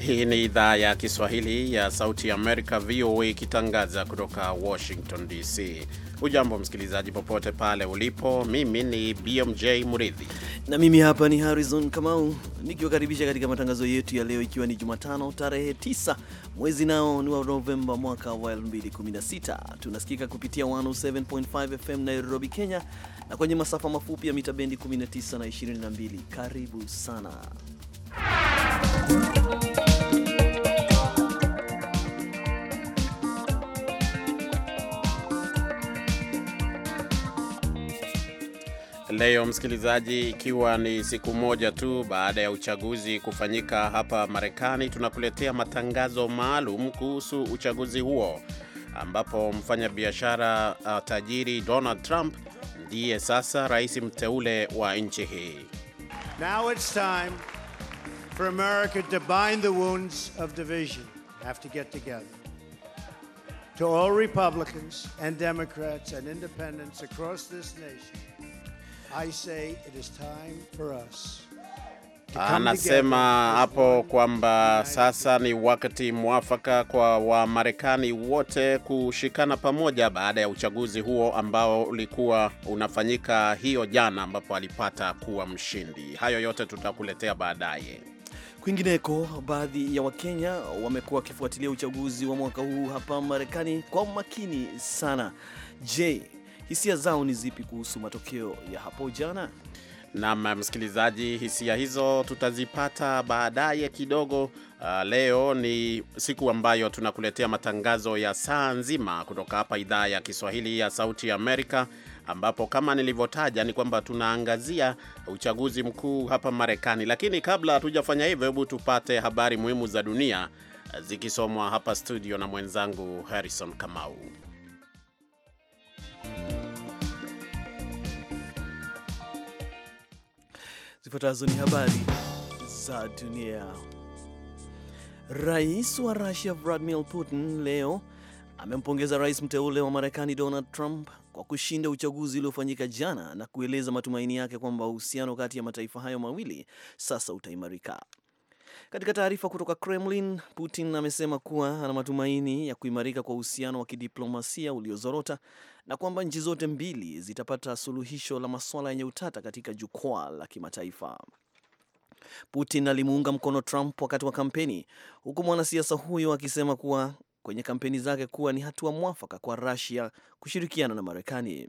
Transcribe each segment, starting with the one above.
Hii ni idhaa ya Kiswahili ya Sauti ya Amerika, VOA, ikitangaza kutoka Washington DC. Hujambo msikilizaji, popote pale ulipo. Mimi ni BMJ mridhi na mimi hapa ni Harrison Kamau nikiwakaribisha katika matangazo yetu ya leo, ikiwa ni Jumatano tarehe 9 mwezi nao ni wa Novemba mwaka wa 2016. Tunasikika kupitia 107.5 FM Nairobi, Kenya, na kwenye masafa mafupi ya mita bendi 19 na 22. Karibu sana leo msikilizaji, ikiwa ni siku moja tu baada ya uchaguzi kufanyika hapa Marekani, tunakuletea matangazo maalum kuhusu uchaguzi huo ambapo mfanyabiashara uh, tajiri Donald Trump ndiye sasa rais mteule wa nchi hii. Now it's time for America to bind the wounds of division. Have to get together. To all Republicans and Democrats and independents across this nation. Anasema ah, hapo kwamba sasa ni wakati mwafaka kwa Wamarekani wote kushikana pamoja baada ya uchaguzi huo ambao ulikuwa unafanyika hiyo jana, ambapo alipata kuwa mshindi. Hayo yote tutakuletea baadaye. Kwingineko, baadhi ya Wakenya wamekuwa wakifuatilia uchaguzi wa mwaka huu hapa Marekani kwa umakini sana. Je, hisia zao ni zipi kuhusu matokeo ya hapo jana? Naam, msikilizaji, hisia hizo tutazipata baadaye kidogo. Uh, leo ni siku ambayo tunakuletea matangazo ya saa nzima kutoka hapa idhaa ya Kiswahili ya Sauti ya Amerika, ambapo kama nilivyotaja ni kwamba tunaangazia uchaguzi mkuu hapa Marekani. Lakini kabla hatujafanya hivyo, hebu tupate habari muhimu za dunia zikisomwa hapa studio na mwenzangu Harrison Kamau. Zifuatazo ni habari za dunia. Rais wa Russia Vladimir Putin leo amempongeza rais mteule wa Marekani Donald Trump kwa kushinda uchaguzi uliofanyika jana na kueleza matumaini yake kwamba uhusiano kati ya mataifa hayo mawili sasa utaimarika. Katika taarifa kutoka Kremlin, Putin amesema kuwa ana matumaini ya kuimarika kwa uhusiano wa kidiplomasia uliozorota na kwamba nchi zote mbili zitapata suluhisho la masuala yenye utata katika jukwaa la kimataifa. Putin alimuunga mkono Trump wakati wa kampeni, huku mwanasiasa huyo akisema kuwa kwenye kampeni zake kuwa ni hatua mwafaka kwa Russia kushirikiana na Marekani.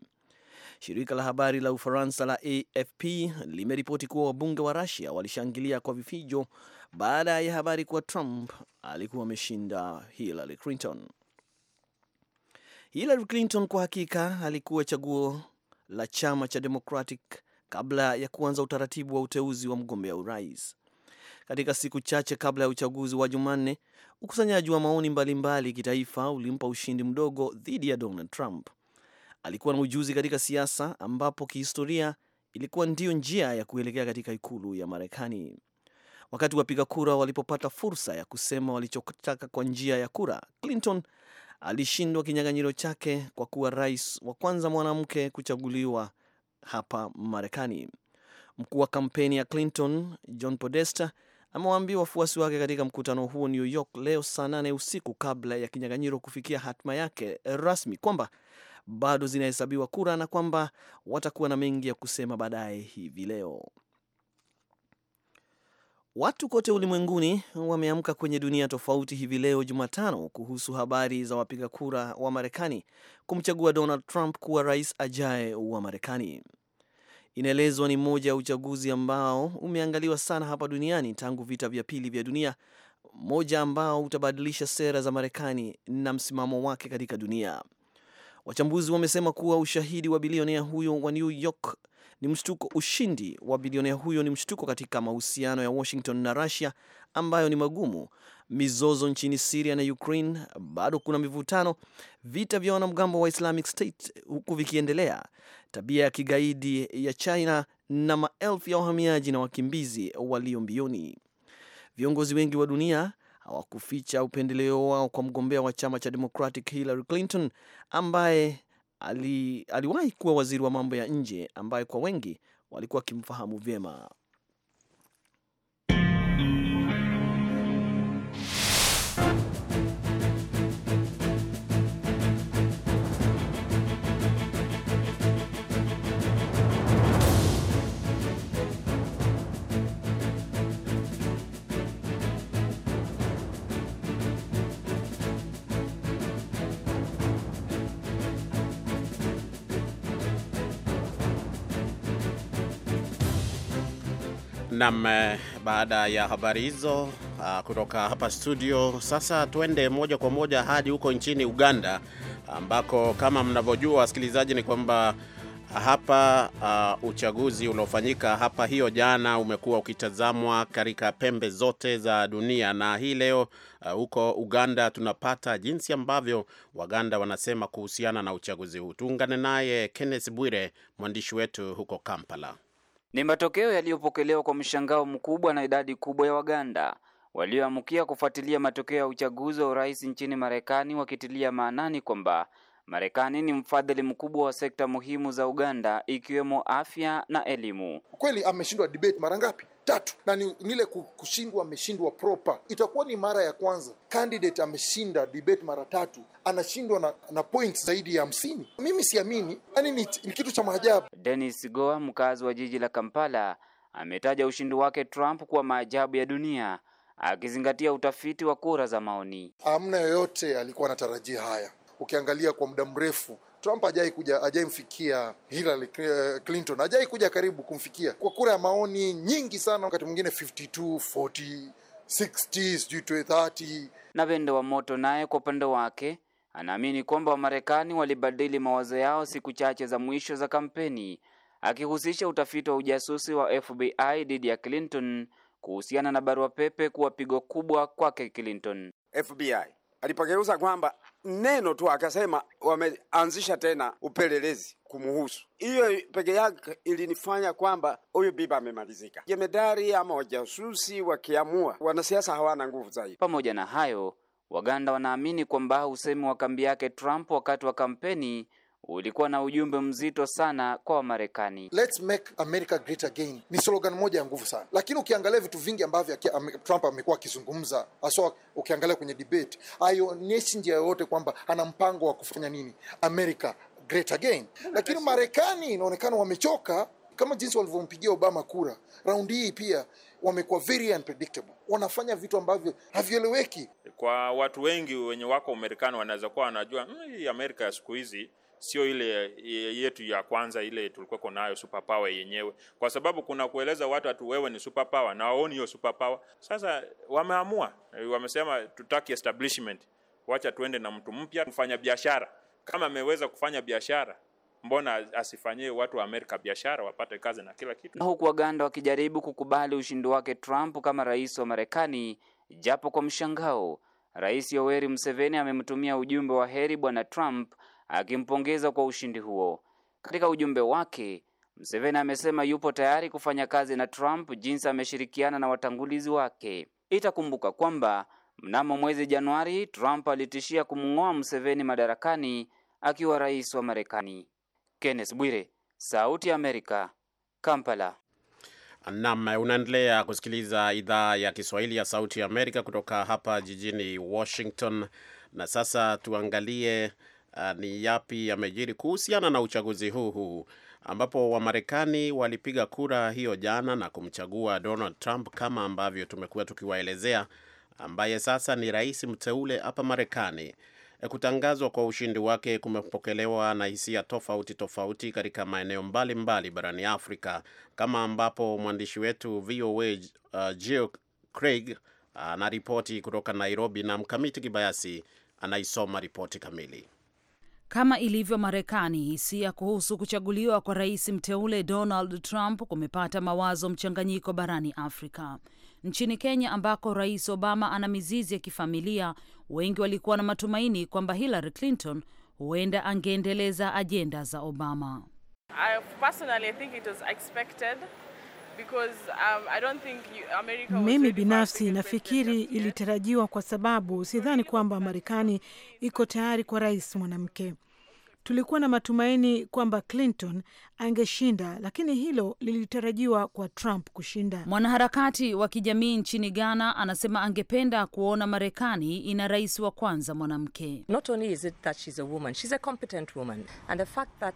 Shirika la habari la Ufaransa la AFP limeripoti kuwa wabunge wa Russia walishangilia kwa vifijo baada ya habari kuwa Trump alikuwa ameshinda Hillary Clinton. Hillary Clinton kwa hakika alikuwa chaguo la chama cha Democratic kabla ya kuanza utaratibu wa uteuzi wa mgombea urais. Katika siku chache kabla ya uchaguzi wa Jumanne, ukusanyaji wa maoni mbalimbali kitaifa ulimpa ushindi mdogo dhidi ya Donald Trump. Alikuwa na ujuzi katika siasa, ambapo kihistoria ilikuwa ndiyo njia ya kuelekea katika ikulu ya Marekani. Wakati wapiga kura walipopata fursa ya kusema walichotaka kwa njia ya kura, Clinton alishindwa kinyang'anyiro chake kwa kuwa rais wa kwanza mwanamke kuchaguliwa hapa Marekani. Mkuu wa kampeni ya Clinton John Podesta amewaambia wafuasi wake katika mkutano huo New York leo saa nane usiku kabla ya kinyang'anyiro kufikia hatima yake rasmi kwamba bado zinahesabiwa kura na kwamba watakuwa na mengi ya kusema baadaye hivi leo. Watu kote ulimwenguni wameamka kwenye dunia tofauti hivi leo Jumatano kuhusu habari za wapiga kura wa Marekani kumchagua Donald Trump kuwa rais ajaye wa Marekani. Inaelezwa ni mmoja ya uchaguzi ambao umeangaliwa sana hapa duniani tangu vita vya pili vya dunia, mmoja ambao utabadilisha sera za Marekani na msimamo wake katika dunia. Wachambuzi wamesema kuwa ushahidi wa bilionea huyo wa New York ni mshtuko. Ushindi wa bilionea huyo ni mshtuko katika mahusiano ya Washington na Russia ambayo ni magumu, mizozo nchini Syria na Ukraine, bado kuna mivutano, vita vya wanamgambo wa Islamic State huku vikiendelea, tabia ya kigaidi ya China na maelfu ya wahamiaji na wakimbizi walio mbioni. Viongozi wengi wa dunia hawakuficha upendeleo wao kwa mgombea wa chama cha Democratic Hillary Clinton ambaye ali, aliwahi kuwa waziri wa mambo ya nje ambaye kwa wengi walikuwa wakimfahamu vyema Nam, eh, baada ya habari hizo ah, kutoka hapa studio, sasa tuende moja kwa moja hadi huko nchini Uganda, ambako kama mnavyojua wasikilizaji, ni kwamba hapa uh, uchaguzi uliofanyika hapa hiyo jana umekuwa ukitazamwa katika pembe zote za dunia, na hii leo uh, huko Uganda tunapata jinsi ambavyo Waganda wanasema kuhusiana na uchaguzi huu. Tuungane naye Kenneth Bwire, mwandishi wetu huko Kampala. Ni matokeo yaliyopokelewa kwa mshangao mkubwa na idadi kubwa ya Waganda walioamkia kufuatilia matokeo ya uchaguzi wa urais nchini Marekani, wakitilia maanani kwamba Marekani ni mfadhili mkubwa wa sekta muhimu za Uganda ikiwemo afya na elimu. Kweli ameshindwa debate mara ngapi? tatu na ni nile kushindwa, ameshindwa proper. Itakuwa ni mara ya kwanza candidate ameshinda debate mara tatu, anashindwa na, na points zaidi ya hamsini. Mimi siamini, yani ni, ni kitu cha maajabu. denis Goa, mkazi wa jiji la Kampala, ametaja ushindi wake Trump kuwa maajabu ya dunia akizingatia utafiti wa kura za maoni. amna yoyote alikuwa anatarajia haya, ukiangalia kwa muda mrefu Trump hajai kuja, mfikia Hillary eh, Clinton, hajai kuja karibu kumfikia kwa kura ya maoni nyingi sana, wakati mwingine 52 40 60 30. Na Pendo wa Moto naye kwa upande wake anaamini kwamba Wamarekani walibadili mawazo yao siku chache za mwisho za kampeni, akihusisha utafiti wa ujasusi wa FBI dhidi ya Clinton kuhusiana na barua pepe kuwa pigo kubwa kwake Clinton. FBI alipageuza kwamba neno tu akasema wameanzisha tena upelelezi kumuhusu. Hiyo peke yake ilinifanya kwamba huyu biba amemalizika. Jemedari ama wajasusi wakiamua, wanasiasa hawana nguvu zaidi. Pamoja na hayo, Waganda wanaamini kwamba usemi wa kambi yake Trump wakati wa kampeni ulikuwa na ujumbe mzito sana kwa Wamarekani. Let's make America great again ni slogan moja ya nguvu sana, lakini ukiangalia vitu vingi ambavyo Trump amekuwa akizungumza, haswa, ukiangalia kwenye debate, haionyeshi njia yoyote kwamba ana mpango wa kufanya nini America great again. Lakini Marekani inaonekana wamechoka, kama jinsi walivyompigia Obama kura, raundi hii pia wamekuwa very unpredictable, wanafanya vitu ambavyo havieleweki kwa watu wengi wenye wako Umarekani. Wanaweza kuwa wanajua hmm, hii Amerika ya siku hizi sio ile yetu ya kwanza ile tulikuwa nayo superpower yenyewe, kwa sababu kuna kueleza watu atu wewe ni superpower na waoni hiyo superpower. Sasa wameamua, eh, wamesema tutaki establishment, wacha tuende na mtu mpya, mfanya biashara. Kama ameweza kufanya biashara, mbona asifanyie watu wa Amerika biashara wapate kazi na kila kitu? Huku Waganda wakijaribu kukubali ushindi wake Trump kama rais wa Marekani, japo kwa mshangao, Rais Yoweri Museveni amemtumia ujumbe wa heri Bwana Trump akimpongeza kwa ushindi huo. Katika ujumbe wake, mseveni amesema yupo tayari kufanya kazi na Trump jinsi ameshirikiana na watangulizi wake. Itakumbuka kwamba mnamo mwezi Januari, Trump alitishia kumng'oa mseveni madarakani akiwa rais wa Marekani. Kenneth Bwire, Sauti ya Amerika, Kampala. Naam, unaendelea kusikiliza idhaa ya Kiswahili ya Sauti ya Amerika kutoka hapa jijini Washington, na sasa tuangalie Ah, ni yapi yamejiri kuhusiana na uchaguzi huu huu ambapo Wamarekani walipiga kura hiyo jana na kumchagua Donald Trump kama ambavyo tumekuwa tukiwaelezea, ambaye sasa ni rais mteule hapa Marekani. Eh, kutangazwa kwa ushindi wake kumepokelewa na hisia tofauti tofauti katika maeneo mbalimbali mbali barani Afrika, kama ambapo mwandishi wetu VOA uh, ah, Jill Craig ah, anaripoti uh, kutoka Nairobi, na Mkamiti Kibayasi anaisoma ripoti kamili. Kama ilivyo Marekani, hisia kuhusu kuchaguliwa kwa rais mteule Donald Trump kumepata mawazo mchanganyiko barani Afrika. Nchini Kenya, ambako Rais Obama ana mizizi ya kifamilia, wengi walikuwa na matumaini kwamba Hillary Clinton huenda angeendeleza ajenda za Obama. I Um, mimi binafsi nafikiri ilitarajiwa kwa sababu sidhani kwamba Marekani iko tayari kwa rais mwanamke. Tulikuwa na matumaini kwamba Clinton angeshinda, lakini hilo lilitarajiwa kwa Trump kushinda. Mwanaharakati wa kijamii nchini Ghana anasema angependa kuona Marekani ina rais wa kwanza mwanamke. Not only is it that she's a woman, she's a competent woman and the fact that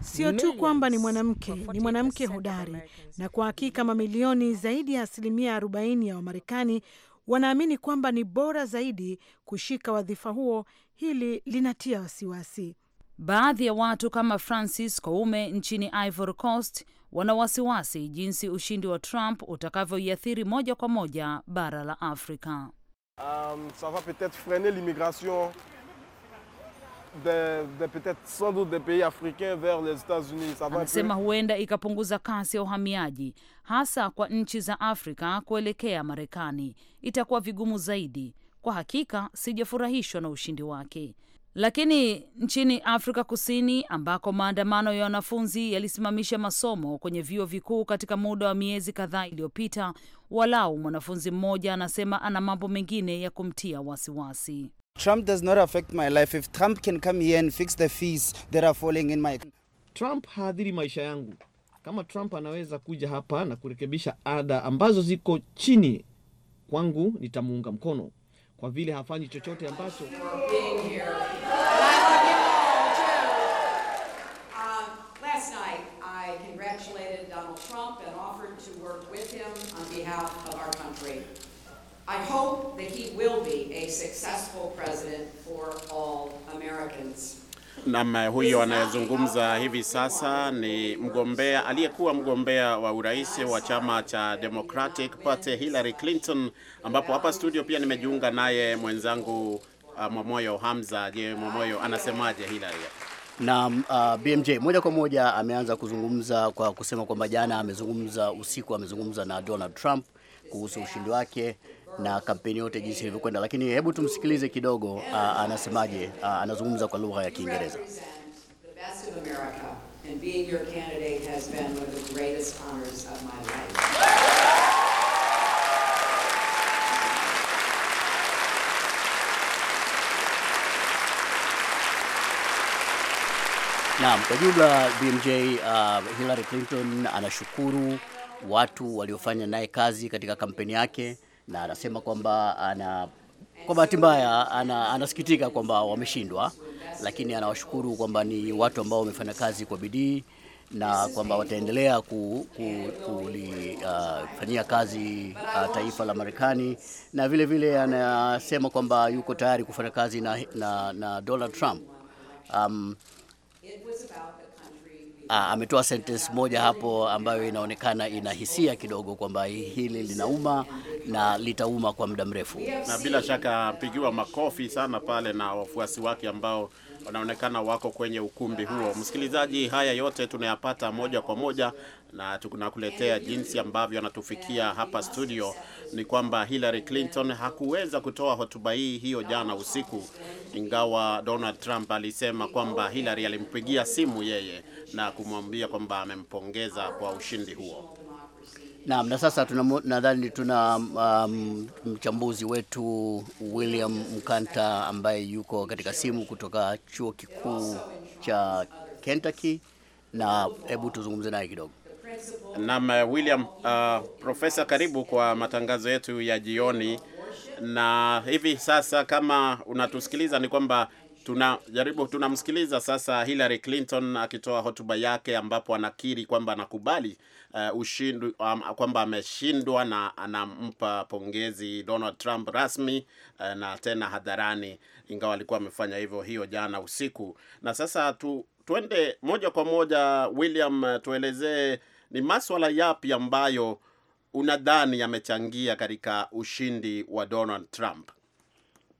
Sio tu kwamba ni mwanamke, ni mwanamke hodari, na kwa hakika mamilioni zaidi ya asilimia 40 ya Wamarekani wanaamini kwamba ni bora zaidi kushika wadhifa huo. Hili linatia wasiwasi. Baadhi ya watu kama Francis Koume nchini Ivory Coast wana wasiwasi jinsi ushindi wa Trump utakavyoiathiri moja kwa moja bara la Afrika. Um, ça va peut-être freiner l'immigration de, de peut-être sans doute des pays africains vers les États-Unis. Anasema huenda ikapunguza kasi ya uhamiaji hasa kwa nchi za Afrika kuelekea Marekani. Itakuwa vigumu zaidi. Kwa hakika sijafurahishwa na ushindi wake. Lakini nchini Afrika Kusini ambako maandamano ya wanafunzi yalisimamisha masomo kwenye vyuo vikuu katika muda wa miezi kadhaa iliyopita, walau mwanafunzi mmoja anasema ana mambo mengine ya kumtia wasiwasi. Trump does not affect my life. If Trump can come here and fix the fees that are falling in my... Trump haadhiri maisha yangu. Kama Trump anaweza kuja hapa na kurekebisha ada ambazo ziko chini kwangu, nitamuunga mkono kwa vile hafanyi chochote ambacho will be a successful president for all Americans. Nam huyo anayezungumza hivi sasa ni mgombea aliyekuwa mgombea wa urais wa chama cha Democratic Party Hillary Clinton, ambapo hapa studio pia nimejiunga naye mwenzangu uh, Momoyo Hamza. Je, Momoyo anasemaje Hillary? na uh, BMJ moja kwa moja ameanza kuzungumza kwa kusema kwamba jana amezungumza usiku, amezungumza na Donald Trump kuhusu ushindi wake na kampeni yote jinsi ilivyokwenda, lakini hebu tumsikilize kidogo, uh, anasemaje. Uh, anazungumza kwa lugha ya Kiingereza. Naam, kwa jumla BMJ, uh, Hillary Clinton anashukuru watu waliofanya naye kazi katika kampeni yake na anasema kwamba ana kwa bahati mbaya ana, anasikitika kwamba wameshindwa, lakini anawashukuru kwamba ni watu ambao wamefanya kazi kwa bidii na kwamba wataendelea kulifanyia ku, ku, uh, kazi uh, taifa la Marekani na vile vile anasema kwamba yuko tayari kufanya kazi na, na, na Donald Trump um, Ah, ametoa sentence moja hapo ambayo inaonekana ina hisia kidogo kwamba hili linauma na litauma kwa muda mrefu, na bila shaka pigiwa makofi sana pale na wafuasi wake ambao wanaonekana wako kwenye ukumbi huo. Msikilizaji, haya yote tunayapata moja kwa moja na tunakuletea jinsi ambavyo anatufikia hapa studio. Ni kwamba Hillary Clinton hakuweza kutoa hotuba hii hiyo jana usiku, ingawa Donald Trump alisema kwamba Hillary alimpigia simu yeye na kumwambia kwamba amempongeza kwa ushindi huo. Naam, na sasa nadhani tuna, tuna um, mchambuzi wetu William Mkanta ambaye yuko katika simu kutoka chuo kikuu cha Kentucky, na hebu tuzungumze naye kidogo. Naam, eh, William uh, profesa, karibu kwa matangazo yetu ya jioni. Na hivi sasa kama unatusikiliza, ni kwamba tunajaribu tunamsikiliza sasa Hillary Clinton akitoa hotuba yake ambapo anakiri kwamba anakubali uh, ushindi um, kwamba ameshindwa na anampa pongezi Donald Trump rasmi uh, na tena hadharani, ingawa alikuwa amefanya hivyo hiyo jana usiku. Na sasa tu, tuende moja kwa moja William, uh, tuelezee ni maswala yapi ambayo unadhani yamechangia katika ushindi wa Donald Trump?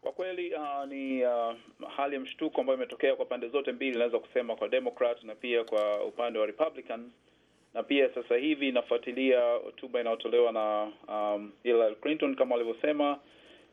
Kwa kweli uh, ni uh, hali ya mshtuko ambayo imetokea kwa pande zote mbili, naweza kusema kwa Democrat na pia kwa upande wa Republican. Na pia sasa hivi inafuatilia hotuba inayotolewa na um, Hillary Clinton kama walivyosema,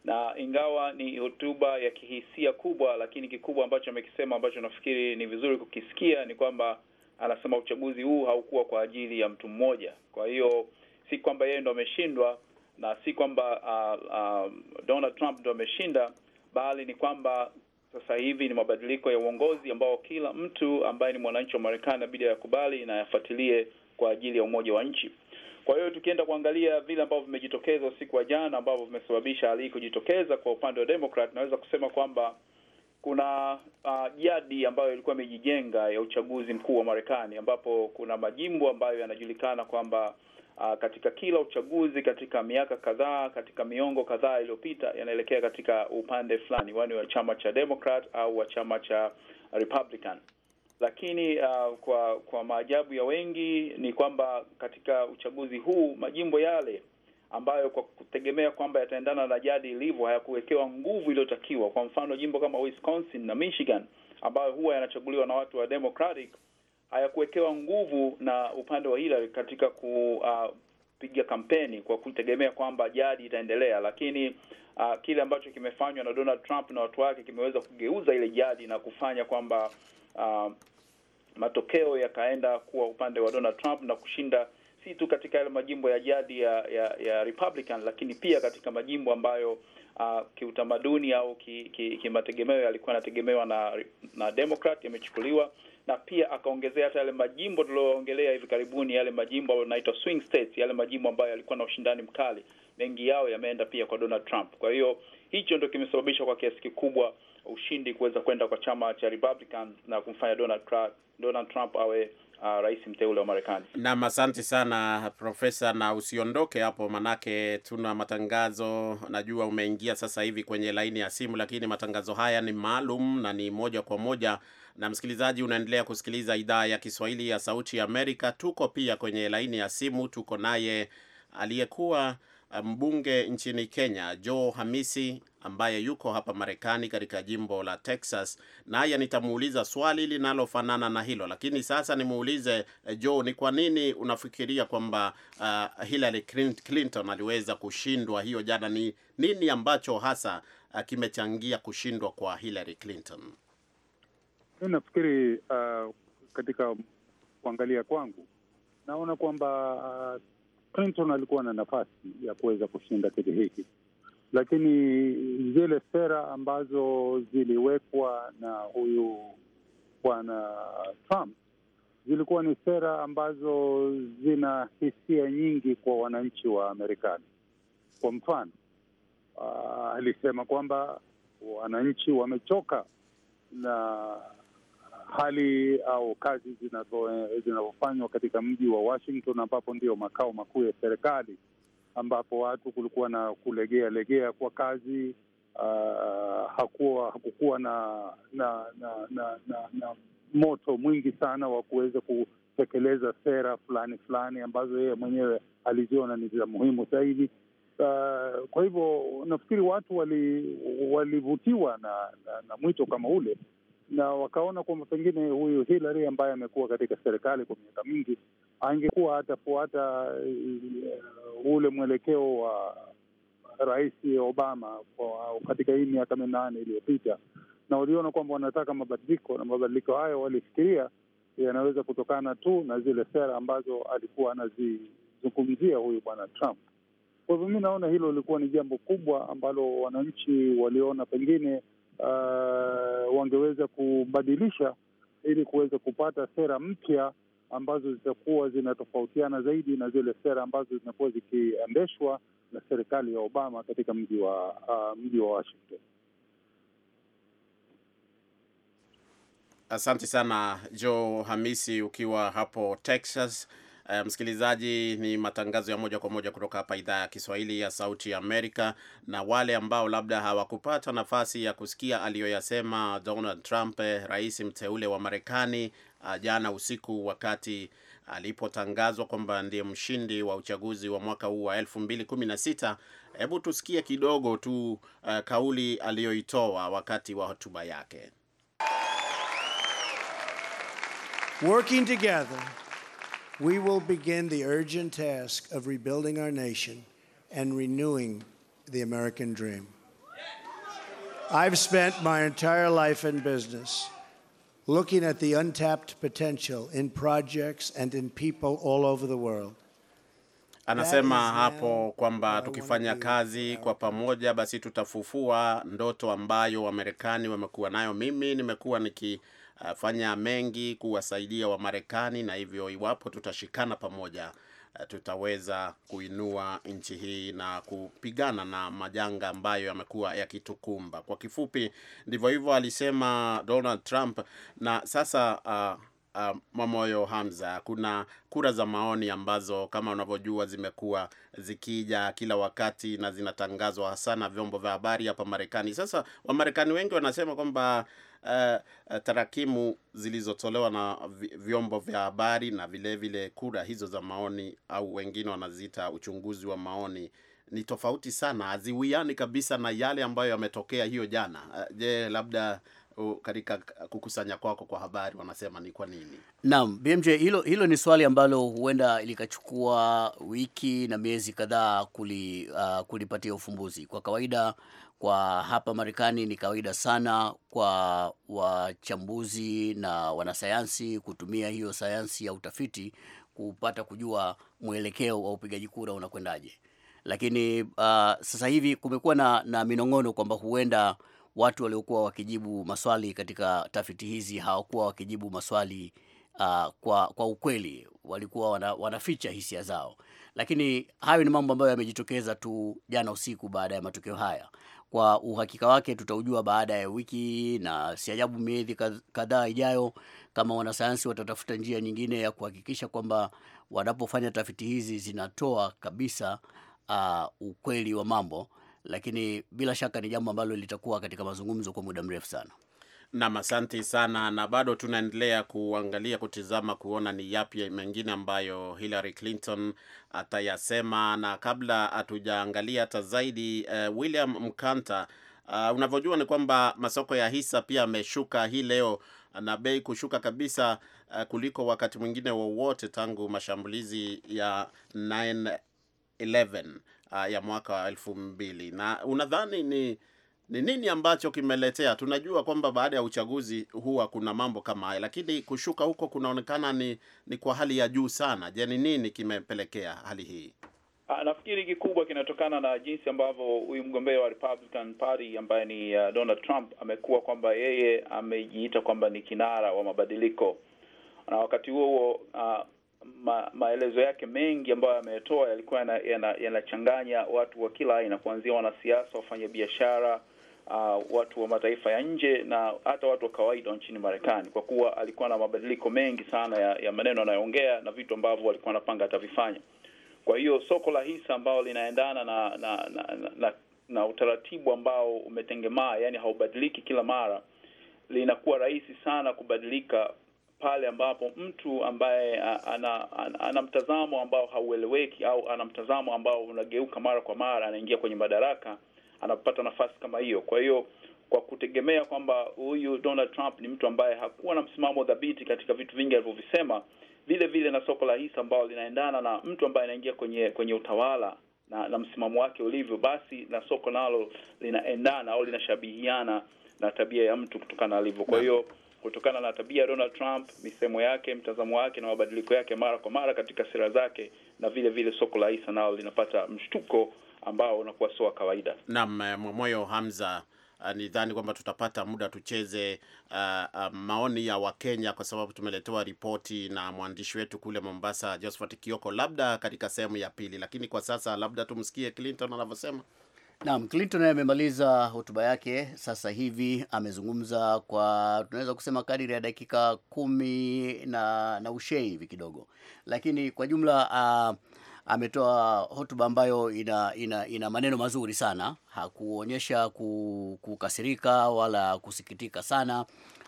na ingawa ni hotuba ya kihisia kubwa, lakini kikubwa ambacho amekisema ambacho nafikiri ni vizuri kukisikia ni kwamba anasema uchaguzi huu haukuwa kwa ajili ya mtu mmoja. Kwa hiyo si kwamba yeye ndo ameshindwa na si kwamba uh, uh, Donald Trump ndo ameshinda, bali ni kwamba sasa hivi ni mabadiliko ya uongozi ambao kila mtu ambaye ni mwananchi wa Marekani abidi yakubali na yafuatilie kwa ajili ya umoja wa nchi. Kwa hiyo tukienda kuangalia vile ambavyo vimejitokeza usiku wa jana, ambavyo vimesababisha hali hii kujitokeza kwa upande wa Democrat, naweza kusema kwamba kuna uh, jadi ambayo ilikuwa imejijenga ya uchaguzi mkuu wa Marekani, ambapo kuna majimbo ambayo yanajulikana kwamba Ah, katika kila uchaguzi katika miaka kadhaa, katika miongo kadhaa iliyopita, yanaelekea katika upande fulani, wani wa chama cha Democrat au wa chama cha Republican. Lakini uh, kwa kwa maajabu ya wengi ni kwamba katika uchaguzi huu majimbo yale ambayo kwa kutegemea kwamba yataendana na jadi ilivyo hayakuwekewa nguvu iliyotakiwa. Kwa mfano, jimbo kama Wisconsin na Michigan ambayo huwa yanachaguliwa na watu wa Democratic hayakuwekewa nguvu na upande wa Hillary katika kupiga uh, kampeni kwa kutegemea kwamba jadi itaendelea, lakini uh, kile ambacho kimefanywa na Donald Trump na watu wake kimeweza kugeuza ile jadi na kufanya kwamba uh, matokeo yakaenda kuwa upande wa Donald Trump na kushinda si tu katika yale majimbo ya jadi ya, ya, ya Republican lakini pia katika majimbo ambayo uh, kiutamaduni au kimategemeo ki, ki yalikuwa yanategemewa na na Democrat yamechukuliwa na pia akaongezea hata yale majimbo tuliyoongelea hivi karibuni, yale majimbo ambayo naitwa swing states, yale majimbo ambayo yalikuwa na ushindani mkali, mengi yao yameenda pia kwa Donald Trump. Kwa hiyo hicho ndio kimesababisha kwa kiasi kikubwa ushindi kuweza kwenda kwa chama cha Republicans na kumfanya Donald Trump, Donald Trump awe Uh, rais mteule wa Marekani. Naam, asante sana Profesa, na usiondoke hapo, manake tuna matangazo. Najua umeingia sasa hivi kwenye laini ya simu, lakini matangazo haya ni maalum na ni moja kwa moja na msikilizaji, unaendelea kusikiliza idhaa ya Kiswahili ya Sauti Amerika. Tuko pia kwenye laini ya simu, tuko naye aliyekuwa eh, mbunge nchini Kenya Joe Hamisi ambaye yuko hapa Marekani katika jimbo la Texas, naye nitamuuliza swali linalofanana na hilo, lakini sasa nimuulize eh, Joe, ni kwa nini unafikiria kwamba uh, Hillary Clinton aliweza kushindwa hiyo jana? Ni nini ambacho hasa uh, kimechangia kushindwa kwa Hillary Clinton? Mi nafikiri uh, katika kuangalia kwangu naona kwamba uh, Clinton alikuwa na nafasi ya kuweza kushinda kiti hiki, lakini zile sera ambazo ziliwekwa na huyu bwana Trump zilikuwa ni sera ambazo zina hisia nyingi kwa wananchi wa Marekani. Kwa mfano uh, alisema kwamba wananchi wamechoka na hali au kazi zinazofanywa katika mji wa Washington, ambapo ndio makao makuu ya serikali, ambapo watu kulikuwa na kulegea legea kwa kazi. Uh, hakuwa hakukuwa na na na, na na na moto mwingi sana wa kuweza kutekeleza sera fulani fulani ambazo yeye mwenyewe aliziona ni za muhimu zaidi. Uh, kwa hivyo nafikiri watu walivutiwa wali na, na, na mwito kama ule na wakaona kwamba pengine huyu Hillary ambaye amekuwa katika serikali kwa miaka mingi angekuwa atafuata uh, ule mwelekeo wa Rais Obama kwa katika hii miaka minane iliyopita, na waliona kwamba wanataka mabadiliko, na mabadiliko hayo walifikiria yanaweza kutokana tu na zile sera ambazo alikuwa anazizungumzia huyu bwana Trump. Kwa hivyo mi naona hilo lilikuwa ni jambo kubwa ambalo wananchi waliona pengine uh, wangeweza kubadilisha ili kuweza kupata sera mpya ambazo zitakuwa zinatofautiana zaidi na zile sera ambazo zimekuwa zikiendeshwa na serikali ya Obama katika mji wa uh, mji wa Washington. Asante sana Joe Hamisi ukiwa hapo Texas. Uh, msikilizaji, ni matangazo ya moja kwa moja kutoka hapa idhaa ya Kiswahili ya Sauti ya Amerika, na wale ambao labda hawakupata nafasi ya kusikia aliyoyasema Donald Trump, eh, rais mteule wa Marekani, uh, jana usiku wakati alipotangazwa kwamba ndiye mshindi wa uchaguzi wa mwaka huu wa 2016. Hebu tusikie kidogo tu uh, kauli aliyoitoa wakati wa hotuba yake. Working together we will begin the urgent task of rebuilding our nation and renewing the American dream. I've spent my entire life in business looking at the untapped potential in projects and in people all over the world. Anasema hapo kwamba tukifanya kazi kwa pamoja basi tutafufua ndoto ambayo Wamarekani wamekuwa nayo. Mimi nimekuwa niki fanya mengi kuwasaidia Wamarekani, na hivyo iwapo tutashikana pamoja eh, tutaweza kuinua nchi hii na kupigana na majanga ambayo yamekuwa yakitukumba. Kwa kifupi, ndivyo hivyo alisema Donald Trump. Na sasa uh, ah, uh, ah, Mamoyo Hamza, kuna kura za maoni ambazo kama unavyojua zimekuwa zikija kila wakati na zinatangazwa hasa na vyombo vya habari hapa Marekani. Sasa Wamarekani wengi wanasema kwamba uh, tarakimu zilizotolewa na vyombo vya habari na vilevile vile kura hizo za maoni au wengine wanaziita uchunguzi wa maoni ni tofauti sana, haziwiani kabisa na yale ambayo yametokea hiyo jana. Eh, je, labda katika kukusanya kwako kwa habari wanasema ni kwa nini? Naam, BMJ, hilo hilo ni swali ambalo huenda likachukua wiki na miezi kadhaa kuli, uh, kulipatia ufumbuzi. Kwa kawaida kwa hapa Marekani ni kawaida sana kwa wachambuzi na wanasayansi kutumia hiyo sayansi ya utafiti kupata kujua mwelekeo wa upigaji kura unakwendaje, lakini uh, sasa hivi kumekuwa na, na minong'ono kwamba huenda watu waliokuwa wakijibu maswali katika tafiti hizi hawakuwa wakijibu maswali uh, kwa, kwa ukweli, walikuwa wana, wanaficha hisia zao. Lakini hayo ni mambo ambayo yamejitokeza tu jana usiku baada ya matokeo haya. Kwa uhakika wake tutaujua baada ya wiki, na si ajabu miezi kadhaa ijayo, kama wanasayansi watatafuta njia nyingine ya kuhakikisha kwamba wanapofanya tafiti hizi zinatoa kabisa uh, ukweli wa mambo lakini bila shaka ni jambo ambalo litakuwa katika mazungumzo kwa muda mrefu sana. Nam, asante sana, na bado tunaendelea kuangalia, kutizama, kuona ni yapi mengine ambayo Hillary Clinton atayasema. Na kabla hatujaangalia hata zaidi, uh, William Mkanta, uh, unavyojua ni kwamba masoko ya hisa pia ameshuka hii leo na bei kushuka kabisa uh, kuliko wakati mwingine wowote tangu mashambulizi ya 9/11 uh, ya mwaka wa elfu mbili na unadhani ni ni nini ambacho kimeletea? Tunajua kwamba baada ya uchaguzi huwa kuna mambo kama haya, lakini kushuka huko kunaonekana ni, ni kwa hali ya juu sana. Je, ni nini kimepelekea hali hii? Ah, nafikiri kikubwa kinatokana na jinsi ambavyo huyu mgombea wa Republican Party ambaye ni uh, Donald Trump amekuwa kwamba yeye amejiita kwamba ni kinara wa mabadiliko, na wakati huo huo uh, ma, maelezo yake mengi ambayo ametoa yalikuwa yanachanganya ya ya watu wa kila aina kuanzia wanasiasa, wafanyabiashara Uh, watu wa mataifa ya nje na hata watu wa kawaida nchini Marekani, kwa kuwa alikuwa na mabadiliko mengi sana ya, ya maneno anayoongea na vitu ambavyo alikuwa anapanga atavifanya. Kwa hiyo soko la hisa ambalo linaendana na na, na, na, na, na utaratibu ambao umetengemaa, yani haubadiliki kila mara, linakuwa rahisi sana kubadilika pale ambapo mtu ambaye ana, ana, ana mtazamo ambao haueleweki au ana mtazamo ambao unageuka mara kwa mara, anaingia kwenye madaraka, anapata nafasi kama hiyo. Kwa hiyo kwa kutegemea kwamba huyu Donald Trump ni mtu ambaye hakuwa na msimamo dhabiti katika vitu vingi alivyovisema, vile vile na soko la hisa ambao linaendana na mtu ambaye anaingia kwenye kwenye utawala na, na msimamo wake ulivyo, basi na soko nalo linaendana au linashabihiana na tabia ya mtu kutokana alivyo. Kwa hiyo kutokana na tabia ya Donald Trump, misemo yake, mtazamo wake na mabadiliko yake mara kwa mara katika sera zake, na vile vile soko la hisa nalo linapata mshtuko ambao unakuwa sio wa kawaida. Naam, eh, Mwamoyo Hamza, eh, nidhani kwamba tutapata muda tucheze uh, uh, maoni ya Wakenya kwa sababu tumeletewa ripoti na mwandishi wetu kule Mombasa, Josephat Kioko, labda katika sehemu ya pili, lakini kwa sasa labda tumsikie Clinton anavyosema. Naam, Clinton amemaliza hotuba yake sasa hivi, amezungumza kwa tunaweza kusema kadiri ya dakika kumi na, na ushei hivi kidogo, lakini kwa jumla uh, ametoa hotuba ambayo ina, ina, ina maneno mazuri sana. Hakuonyesha kukasirika wala kusikitika sana.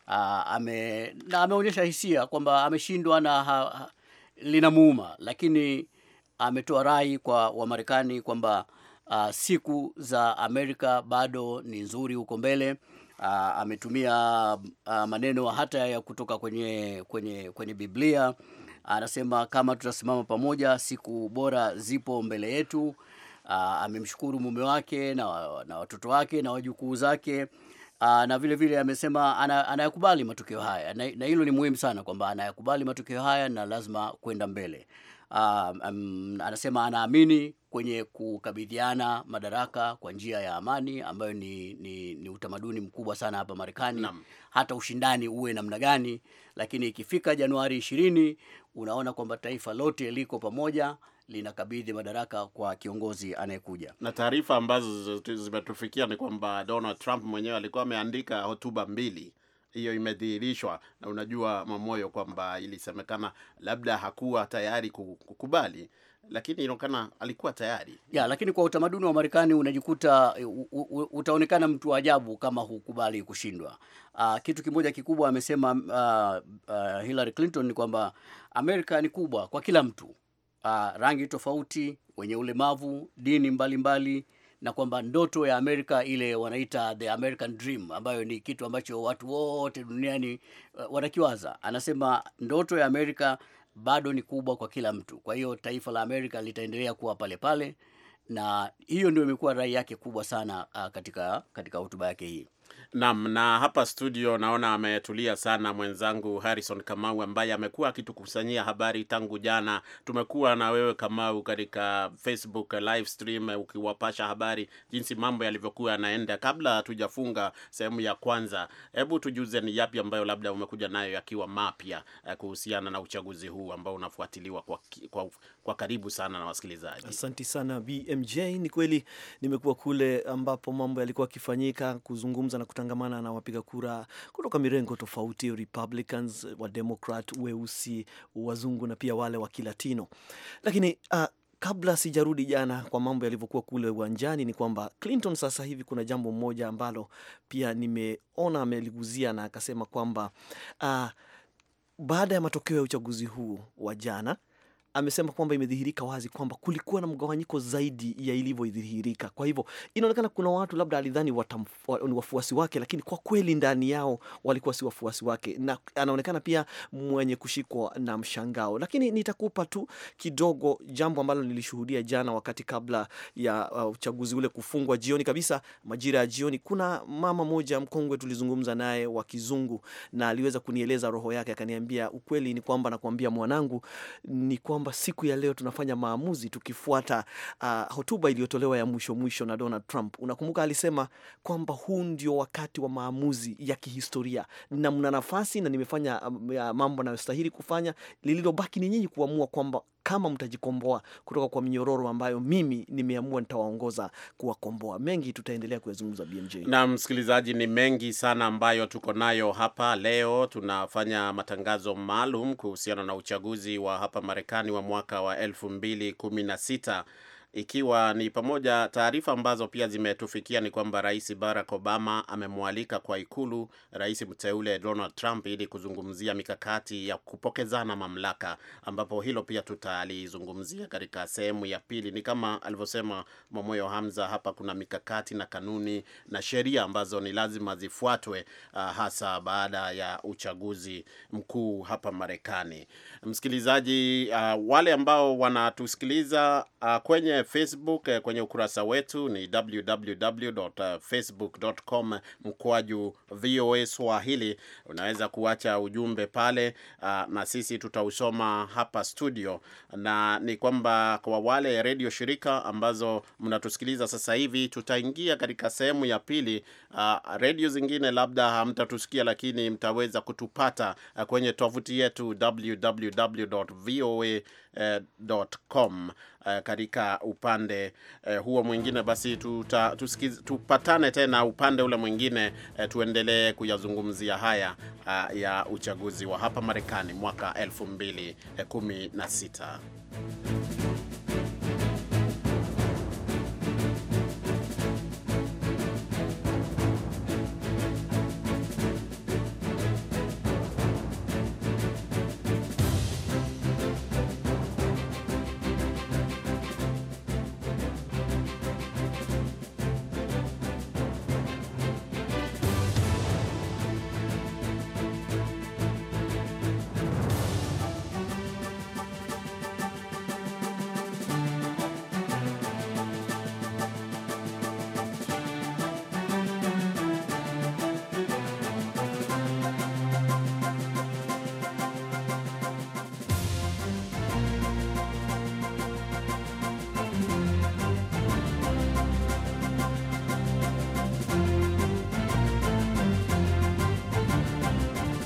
uh, ame, na ameonyesha hisia kwamba ameshindwa na ha, linamuuma, lakini ametoa rai kwa Wamarekani kwamba uh, siku za Amerika bado ni nzuri huko mbele. Uh, ametumia uh, maneno hata ya kutoka kwenye, kwenye, kwenye Biblia anasema kama tutasimama pamoja siku bora zipo mbele yetu. Uh, amemshukuru mume wake na, na watoto wake na wajukuu zake. Uh, na vile vile amesema ana, anayakubali matukio haya na, na hilo ni muhimu sana kwamba anayakubali matukio haya na lazima kwenda mbele. Uh, um, anasema anaamini kwenye kukabidhiana madaraka kwa njia ya amani ambayo ni, ni, ni utamaduni mkubwa sana hapa Marekani hata ushindani uwe namna gani, lakini ikifika Januari ishirini unaona kwamba taifa lote liko pamoja linakabidhi madaraka kwa kiongozi anayekuja. Na taarifa ambazo zimetufikia ni kwamba Donald Trump mwenyewe alikuwa ameandika hotuba mbili hiyo imedhihirishwa, na unajua mamoyo kwamba ilisemekana labda hakuwa tayari kukubali lakini inaonekana alikuwa tayari ya. Lakini kwa utamaduni wa Marekani unajikuta u, u, utaonekana mtu wa ajabu kama hukubali kushindwa. Uh, kitu kimoja kikubwa amesema uh, uh, Hillary Clinton ni kwamba Amerika ni kubwa kwa kila mtu, uh, rangi tofauti, wenye ulemavu, dini mbalimbali mbali, na kwamba ndoto ya Amerika ile wanaita the American dream ambayo ni kitu ambacho watu wote duniani eh, wanakiwaza. Anasema ndoto ya Amerika bado ni kubwa kwa kila mtu, kwa hiyo taifa la Amerika litaendelea kuwa pale pale, na hiyo ndio imekuwa rai yake kubwa sana ah, katika katika hotuba yake hii. Naam, na hapa studio naona ametulia sana mwenzangu Harrison Kamau ambaye amekuwa akitukusanyia habari tangu jana. Tumekuwa na wewe Kamau katika Facebook live stream ukiwapasha habari jinsi mambo yalivyokuwa yanaenda. Kabla hatujafunga sehemu ya kwanza, hebu tujuze ni yapi ambayo labda umekuja nayo yakiwa mapya eh, kuhusiana na uchaguzi huu ambao unafuatiliwa kwa, kwa, kwa karibu sana na wasikilizaji. Asanti sana BMJ. Ni kweli nimekuwa kule ambapo mambo yalikuwa akifanyika kuzungumza kuzungumza na kutangamana na wapiga kura kutoka mirengo tofauti, Republicans, wa Democrat, weusi, wazungu na pia wale wa Kilatino. Lakini uh, kabla sijarudi jana kwa mambo yalivyokuwa kule uwanjani, ni kwamba Clinton sasa hivi kuna jambo moja ambalo pia nimeona ameliguzia na akasema kwamba uh, baada ya matokeo ya uchaguzi huu wa jana amesema kwamba imedhihirika wazi kwamba kulikuwa na mgawanyiko zaidi ya ilivyodhihirika. Kwa hivyo inaonekana kuna watu labda alidhani ni wafuasi wake, lakini kwa kweli ndani yao walikuwa si wafuasi wake, na anaonekana pia mwenye kushikwa na mshangao. Lakini nitakupa tu kidogo jambo ambalo nilishuhudia jana, wakati kabla ya uh, uchaguzi ule kufungwa, jioni kabisa, majira ya jioni, kuna mama moja mkongwe tulizungumza naye wa kizungu, na aliweza kunieleza roho yake, akaniambia ukweli ni kwamba, nakwambia mwanangu, ni kwamba kwamba siku ya leo tunafanya maamuzi tukifuata uh, hotuba iliyotolewa ya mwisho mwisho na Donald Trump. Unakumbuka alisema kwamba huu ndio wakati wa maamuzi ya kihistoria na mna nafasi na nimefanya uh, mambo anayostahili kufanya, lililobaki ni nyinyi kuamua kwamba kama mtajikomboa kutoka kwa minyororo ambayo mimi nimeamua nitawaongoza kuwakomboa. Mengi tutaendelea kuyazungumza BMJ. Na msikilizaji, ni mengi sana ambayo tuko nayo hapa leo. Tunafanya matangazo maalum kuhusiana na uchaguzi wa hapa Marekani wa mwaka wa 216 ikiwa ni pamoja. Taarifa ambazo pia zimetufikia ni kwamba Rais Barack Obama amemwalika kwa Ikulu rais mteule Donald Trump ili kuzungumzia mikakati ya kupokezana mamlaka, ambapo hilo pia tutalizungumzia katika sehemu ya pili. Ni kama alivyosema Mwamoyo Hamza hapa, kuna mikakati na kanuni na sheria ambazo ni lazima zifuatwe, uh, hasa baada ya uchaguzi mkuu hapa Marekani. Msikilizaji, uh, wale ambao wanatusikiliza uh, kwenye Facebook eh, kwenye ukurasa wetu ni www.facebook.com mkwaju VOA Swahili. Unaweza kuacha ujumbe pale ah, na sisi tutausoma hapa studio, na ni kwamba kwa wale redio shirika ambazo mnatusikiliza sasa hivi, tutaingia katika sehemu ya pili. Ah, redio zingine labda hamtatusikia, lakini mtaweza kutupata ah, kwenye tovuti yetu www.voa eh, eh, katika upande eh, huo mwingine. Basi tuta, tusikiz, tupatane tena upande ule mwingine eh, tuendelee kuyazungumzia haya eh, ya uchaguzi wa hapa Marekani mwaka 2016.